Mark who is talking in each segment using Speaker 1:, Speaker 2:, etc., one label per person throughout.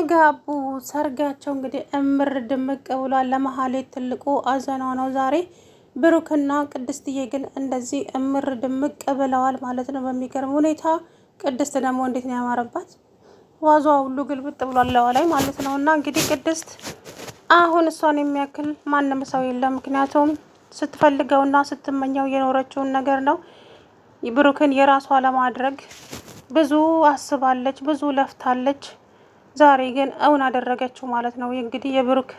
Speaker 1: ተጋቡ። ሰርጋቸው እንግዲህ እምር ድምቅ ብሏል። ለመሀሌት ትልቁ አዘኗ ነው ዛሬ። ብሩክና ቅድስትዬ ግን እንደዚህ እምር ድምቅ ብለዋል ማለት ነው በሚገርም ሁኔታ። ቅድስት ደግሞ እንዴት ነው ያማረባት! ዋዟ ሁሉ ግልብጥ ብሏል ላይ ማለት ነው። እና እንግዲህ ቅድስት አሁን እሷን የሚያክል ማንም ሰው የለም። ምክንያቱም ስትፈልገውና ስትመኘው የኖረችውን ነገር ነው ብሩክን የራሷ ለማድረግ ብዙ አስባለች፣ ብዙ ለፍታለች። ዛሬ ግን እውን አደረገችው ማለት ነው። እንግዲህ የብሩክ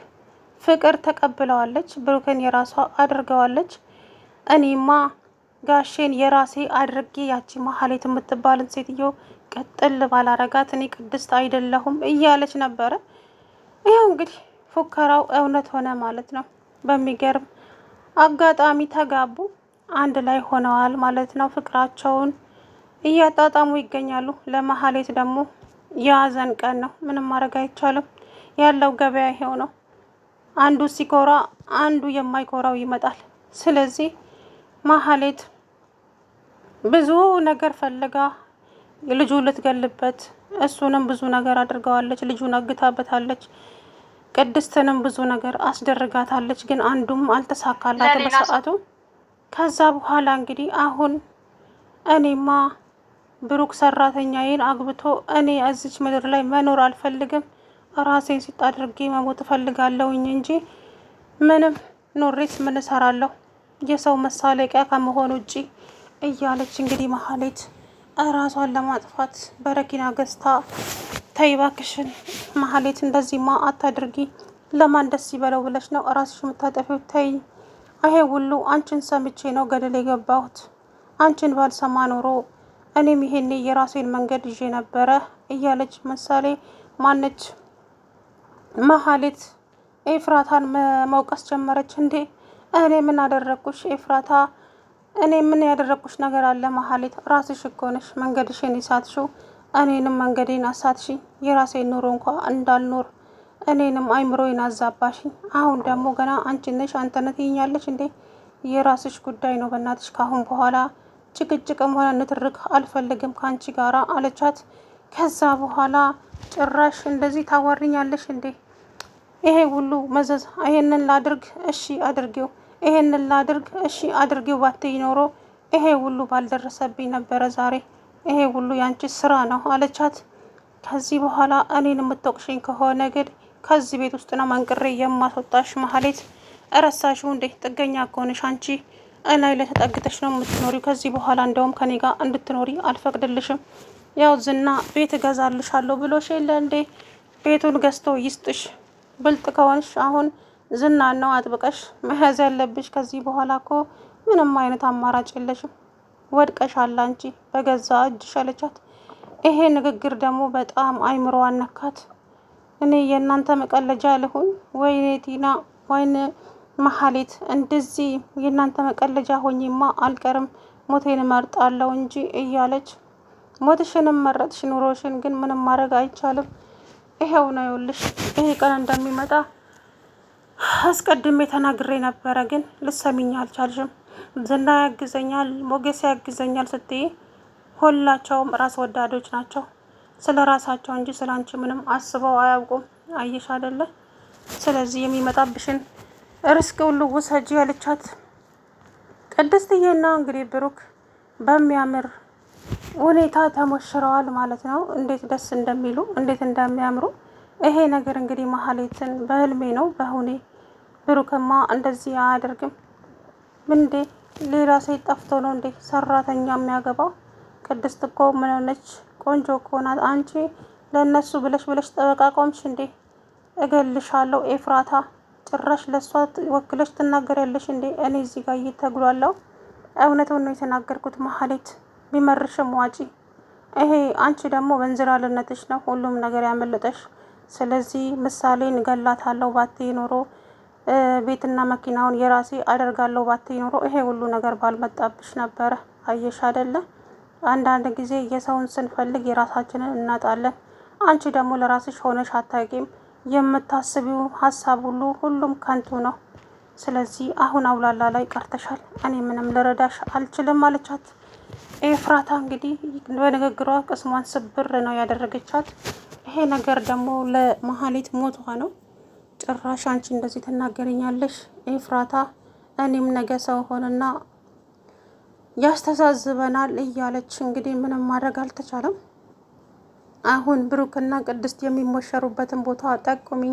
Speaker 1: ፍቅር ተቀብለዋለች። ብሩክን የራሷ አድርገዋለች። እኔማ ጋሼን የራሴ አድርጌ ያቺ መሀሌት የምትባልን ሴትዮ ቀጥል ባላረጋት እኔ ቅድስት አይደለሁም እያለች ነበረ። ይኸው እንግዲህ ፉከራው እውነት ሆነ ማለት ነው። በሚገርም አጋጣሚ ተጋቡ፣ አንድ ላይ ሆነዋል ማለት ነው። ፍቅራቸውን እያጣጣሙ ይገኛሉ። ለመሀሌት ደግሞ የሀዘን ቀን ነው። ምንም ማድረግ አይቻልም። ያለው ገበያ ይሄው ነው። አንዱ ሲኮራ አንዱ የማይኮራው ይመጣል። ስለዚህ ማህሌት ብዙ ነገር ፈልጋ ልጁ ልትገልበት እሱንም ብዙ ነገር አድርገዋለች። ልጁን አግታበታለች። ቅድስትንም ብዙ ነገር አስደርጋታለች። ግን አንዱም አልተሳካላት በሰዓቱ። ከዛ በኋላ እንግዲህ አሁን እኔማ ብሩክ ሰራተኛዬን አግብቶ እኔ እዚች ምድር ላይ መኖር አልፈልግም፣ ራሴን ሲጥ አድርጌ መሞት እፈልጋለሁኝ እንጂ ምንም ኖሬት ምን እሰራለሁ የሰው መሳለቂያ ከመሆን ውጪ እያለች እንግዲህ መሀሌት እራሷን ለማጥፋት በረኪና ገዝታ ተይ እባክሽን መሀሌት እንደዚህማ አታድርጊ፣ ለማን ደስ ይበለው ብለሽ ነው እራስሽ የምታጠፊው? ተይ ይሄ ሁሉ አንቺን ሰምቼ ነው ገደል የገባሁት። አንቺን ባልሰማ ኖሮ እኔም ይሄኔ የራሴን መንገድ ይዤ ነበረ እያለች ምሳሌ ማነች መሀሌት ኤፍራታን መውቀስ ጀመረች። እንዴ እኔ ምን አደረግኩሽ ኤፍራታ? እኔ ምን ያደረግኩሽ ነገር አለ መሀሌት? ራስሽ እኮ ነሽ መንገድሽን የሳትሽው፣ እኔንም መንገዴን አሳትሽ። የራሴን ኑሮ እንኳ እንዳልኖር እኔንም አይምሮዬን አዛባሽኝ። አሁን ደግሞ ገና አንቺ ነሽ አንተ ነህ እንዴ? የራስሽ ጉዳይ ነው በእናትሽ ከአሁን በኋላ ጭቅጭቅም ሆነ ንትርክ አልፈልግም ከአንቺ ጋር አለቻት። ከዛ በኋላ ጭራሽ እንደዚህ ታዋርኛለሽ እንዴ? ይሄ ሁሉ መዘዝ ይሄንን ላድርግ እሺ አድርጌው፣ ይሄንን ላድርግ እሺ አድርጌው ባትይ ኖሮ ይሄ ሁሉ ባልደረሰብኝ ነበረ ዛሬ። ይሄ ሁሉ ያንቺ ስራ ነው አለቻት። ከዚህ በኋላ እኔን የምትወቅሽኝ ከሆነ ግን ከዚህ ቤት ውስጥ ነው መንቅሬ የማስወጣሽ። መሀሌት እረሳሽው እንዴ? ጥገኛ ከሆነሽ አንቺ እላይ ላይ ተጠግተሽ ነው የምትኖሪው። ከዚህ በኋላ እንደውም ከኔ ጋር እንድትኖሪ አልፈቅድልሽም። ያው ዝና ቤት እገዛልሻለሁ ብሎሽ የለ እንዴ? ቤቱን ገዝቶ ይስጥሽ። ብልጥ ከሆንሽ አሁን ዝና ነው አጥብቀሽ መያዝ ያለብሽ። ከዚህ በኋላ እኮ ምንም አይነት አማራጭ የለሽም። ወድቀሻል አንቺ በገዛ እጅሽ አለቻት። ይሄ ንግግር ደግሞ በጣም አይምሮዋን ነካት። እኔ የእናንተ መቀለጃ ልሁን? ወይኔ ቲና፣ ወይኔ መሀሌት እንደዚህ የእናንተ መቀለጃ ሆኜማ አልቀርም ሞቴን መርጣለሁ እንጂ እያለች ሞትሽንም መረጥሽ ኑሮሽን ግን ምንም ማድረግ አይቻልም። ይሄው ነው ይኸውልሽ፣ ይሄ ቀን እንደሚመጣ አስቀድሜ ተናግሬ ነበረ፣ ግን ልሰሚኝ አልቻልሽም። ዝና ያግዘኛል፣ ሞገስ ያግዘኛል ስትይ ሁላቸውም ራስ ወዳዶች ናቸው። ስለ ራሳቸው እንጂ ስለ አንቺ ምንም አስበው አያውቁም። አየሽ አይደለ? ስለዚህ የሚመጣብሽን ርስቅ ሁሉ ውሰጂ ያለቻት ቅድስትዬና እንግዲህ ብሩክ በሚያምር ሁኔታ ተሞሽረዋል ማለት ነው። እንዴት ደስ እንደሚሉ እንዴት እንደሚያምሩ ይሄ ነገር እንግዲህ መሀሌትን በህልሜ ነው በሁኔ ብሩክማ እንደዚህ አያደርግም እንዴ! ሌላ ሴት ጠፍቶ ነው እንዴ ሰራተኛ የሚያገባው? ቅድስት እኮ ምን ሆነች? ቆንጆ እኮ ናት። አንቺ ለእነሱ ብለሽ ብለሽ ጠበቃ ቆምሽ እንዴ? እገልሻለሁ ኤፍራታ ጭራሽ ለእሷ ወክለሽ ትናገሪያለሽ እንዴ? እኔ እዚህ ጋር እየተግሏለሁ። እውነት ነው የተናገርኩት። መሀሌት ቢመርሽም ዋጪ። ይሄ አንቺ ደግሞ በእንዝላልነትሽ ነው ሁሉም ነገር ያመለጠሽ። ስለዚህ ምሳሌን ገላታለሁ ባቴ ኖሮ ቤትና መኪናውን የራሴ አደርጋለሁ ባቴ ኖሮ ይሄ ሁሉ ነገር ባልመጣብሽ ነበረ። አየሽ አደለ? አንዳንድ ጊዜ የሰውን ስንፈልግ የራሳችንን እናጣለን። አንቺ ደግሞ ለራስሽ ሆነሽ አታቂም። የምታስቢው ሀሳብ ሁሉ ሁሉም ከንቱ ነው። ስለዚህ አሁን አውላላ ላይ ቀርተሻል፣ እኔ ምንም ልረዳሽ አልችልም አለቻት። ኤፍራታ እንግዲህ በንግግሯ ቅስሟን ስብር ነው ያደረገቻት። ይሄ ነገር ደግሞ ለመሀሌት ሞቷ ነው። ጭራሽ አንቺ እንደዚህ ትናገረኛለሽ ኤፍራታ፣ እኔም ነገ ሰው ሆንና ያስተዛዝበናል እያለች እንግዲህ ምንም ማድረግ አልተቻለም። አሁን ብሩክና ቅድስት የሚሞሸሩበትን ቦታ ጠቁሚ።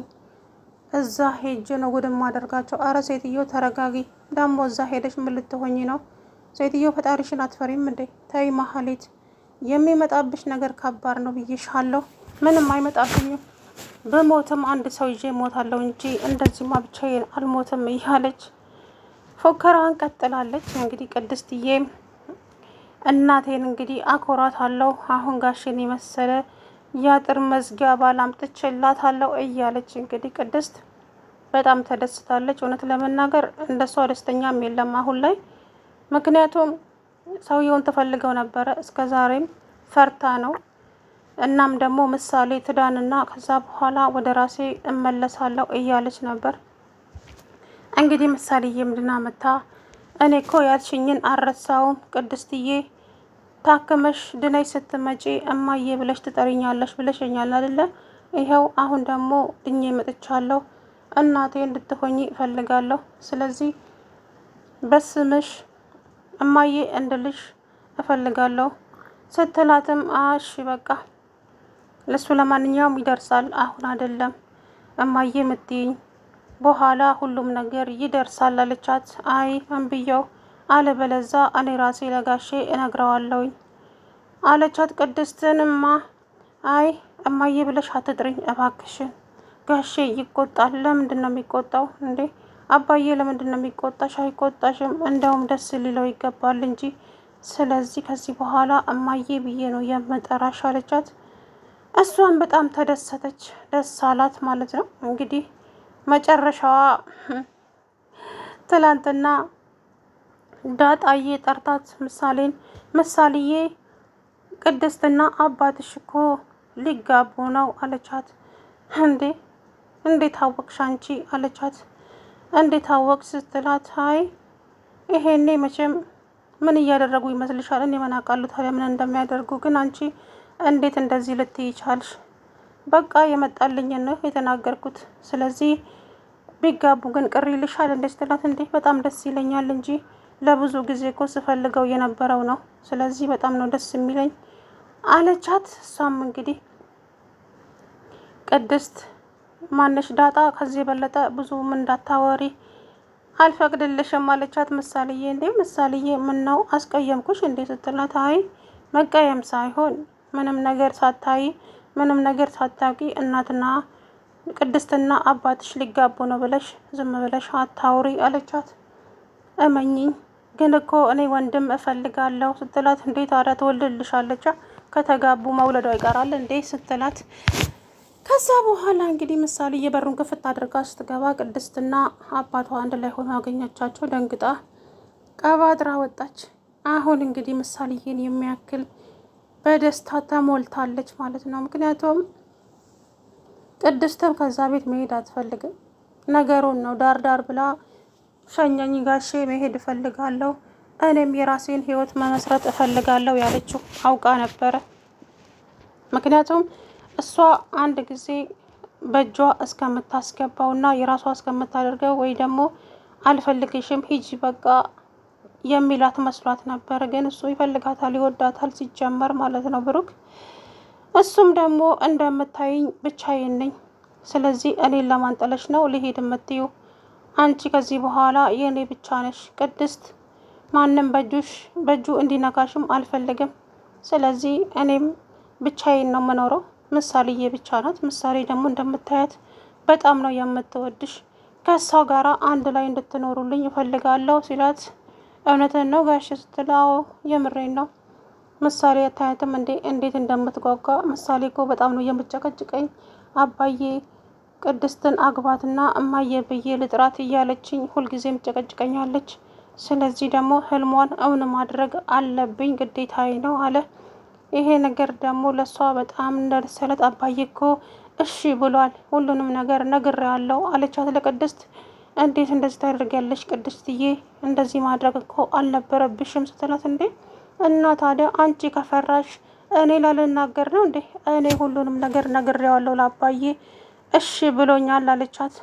Speaker 1: እዛ ሄጄ ነው ጉድ ማደርጋቸው። አረ ሴትዮ ተረጋጊ። ደግሞ እዛ ሄደሽ ምን ልትሆኚ ነው? ሴትዮ ፈጣሪሽን አትፈሪም እንዴ? ተይ መሀሌት፣ የሚመጣብሽ ነገር ከባድ ነው ብዬሻለሁ። ምንም አይመጣብኝም። በሞትም አንድ ሰው ይዤ ሞታለሁ እንጂ እንደዚህማ ብቻዬን አልሞትም እያለች ፎከራዋን ቀጥላለች። እንግዲህ ቅድስትዬ እናቴን እንግዲህ አኮራት አለው አሁን ጋሽን የመሰለ የአጥር መዝጊያ ባል አምጥቼላታለሁ እያለች እንግዲህ ቅድስት በጣም ተደስታለች። እውነት ለመናገር እንደሷ ደስተኛም የለም አሁን ላይ ምክንያቱም ሰውየውን ተፈልገው ነበረ እስከ ዛሬም ፈርታ ነው። እናም ደግሞ ምሳሌ ትዳንና ከዛ በኋላ ወደ ራሴ እመለሳለሁ እያለች ነበር። እንግዲህ ምሳሌ የምድና መታ እኔ እኮ ያልሽኝን አልረሳውም ቅድስትዬ ታክመሽ ድነሽ ስትመጪ እማዬ ብለሽ ትጠሪኛለሽ ብለሽኛል አይደለ? ይኸው አሁን ደግሞ ድኜ መጥቻለሁ። እናቴ እንድትሆኝ እፈልጋለሁ። ስለዚህ በስምሽ እማዬ እንድልሽ እፈልጋለሁ ስትላትም አሽ በቃ ለሱ ለማንኛውም ይደርሳል። አሁን አይደለም እማዬ የምትይኝ በኋላ ሁሉም ነገር ይደርሳል አለቻት። አይ አንብየው። አለበለዛ እኔ ራሴ ለጋሼ እነግረዋለሁኝ አለቻት። ቅድስትን እማ አይ እማዬ ብለሽ አትጥሪኝ እባክሽን፣ ጋሼ ይቆጣል። ለምንድን ነው የሚቆጣው እንዴ? አባዬ ለምንድን ነው የሚቆጣሽ? አይቆጣሽም፣ እንደውም ደስ ሊለው ይገባል እንጂ። ስለዚህ ከዚህ በኋላ እማዬ ብዬ ነው የምጠራሽ አለቻት። እሷን በጣም ተደሰተች፣ ደስ አላት ማለት ነው። እንግዲህ መጨረሻዋ ትላንትና ዳጣዬ ጠርታት ምሳሌን ምሳሌዬ ቅድስትና አባትሽ እኮ ሊጋቡ ነው አለቻት። እንዴ እንዴት አወቅሽ አንቺ አለቻት። እንዴት አወቅ ስትላት፣ አይ ይሄኔ መቼም ምን እያደረጉ ይመስልሻል? እኔ ምን አውቃለሁ ታዲያ ምን እንደሚያደርጉ። ግን አንቺ እንዴት እንደዚህ ልትይ ቻልሽ? በቃ የመጣልኝ ነው የተናገርኩት። ስለዚህ ቢጋቡ ግን ቅር ይልሻል እንዴ ስትላት፣ እንዴ በጣም ደስ ይለኛል እንጂ ለብዙ ጊዜ እኮ ስፈልገው የነበረው ነው። ስለዚህ በጣም ነው ደስ የሚለኝ አለቻት። እሷም እንግዲህ ቅድስት ማነሽ ዳጣ ከዚህ የበለጠ ብዙም እንዳታወሪ አልፈቅድልሽም አለቻት። ምሳሌዬ እንዴ ምሳሌዬ ምን ነው አስቀየምኩሽ እንዴ ስትላት፣ አይ መቀየም ሳይሆን ምንም ነገር ሳታይ ምንም ነገር ሳታውቂ እናትና ቅድስትና አባትሽ ሊጋቡ ነው ብለሽ ዝም ብለሽ አታውሪ አለቻት። እመኝኝ ግን እኮ እኔ ወንድም እፈልጋለሁ ስትላት፣ እንዴት አረ ትወልድልሻለች ከተጋቡ መውለዷ ይቀራል እንዴ ስትላት፣ ከዛ በኋላ እንግዲህ ምሳሌ የበሩን ክፍት አድርጋ ስትገባ ቅድስትና አባቷ አንድ ላይ ሆኖ ያገኘቻቸው ደንግጣ ቀባጥራ ወጣች። አሁን እንግዲህ ምሳሌዬን የሚያክል በደስታ ተሞልታለች ማለት ነው። ምክንያቱም ቅድስትም ከዛ ቤት መሄድ አትፈልግም። ነገሩን ነው ዳር ዳር ብላ ሸኘኝ ጋሼ፣ መሄድ እፈልጋለሁ፣ እኔም የራሴን ህይወት መመስረት እፈልጋለሁ ያለችው አውቃ ነበረ። ምክንያቱም እሷ አንድ ጊዜ በእጇ እስከምታስገባው እና የራሷ እስከምታደርገው ወይ ደግሞ አልፈልግሽም ሂጂ በቃ የሚላት መስሏት ነበር። ግን እሱ ይፈልጋታል፣ ይወዳታል ሲጀመር ማለት ነው ብሩክ። እሱም ደግሞ እንደምታይኝ ብቻዬን ነኝ፣ ስለዚህ እኔን ለማንጠለሽ ነው ልሄድ የምትይው አንቺ ከዚህ በኋላ የእኔ ብቻ ነሽ ቅድስት። ማንም በእጁሽ በእጁ እንዲነካሽም አልፈልግም። ስለዚህ እኔም ብቻዬን ነው የምኖረው። ምሳሌዬ ብቻ ናት። ምሳሌ ደግሞ እንደምታያት በጣም ነው የምትወድሽ። ከእሷ ጋራ አንድ ላይ እንድትኖሩልኝ እፈልጋለሁ ሲላት እውነትን ነው ጋሽ ስትላው የምሬን ነው። ምሳሌ አታያትም እንዴ እንዴት እንደምትጓጓ ምሳሌ እኮ በጣም ነው የምጨቀጭቀኝ አባዬ ቅድስትን አግባትና እማየ ብዬ ልጥራት እያለችኝ ሁልጊዜም ጨቀጭቀኛለች። ስለዚህ ደግሞ ህልሟን እውን ማድረግ አለብኝ ግዴታዬ ነው አለ። ይሄ ነገር ደግሞ ለእሷ በጣም እንደሰለት አባዬ እኮ እሺ ብሏል፣ ሁሉንም ነገር ነግሬዋለሁ አለቻት ለቅድስት። እንዴት እንደዚህ ታደርጊያለሽ ቅድስትዬ? እንደዚህ ማድረግ እኮ አልነበረብሽም ስትላት፣ እንዴ እና ታዲያ አንቺ ከፈራሽ እኔ ላልናገር ነው እንዴ? እኔ ሁሉንም ነገር ነግሬዋለሁ ለአባዬ እሺ ብሎኛል አለቻት።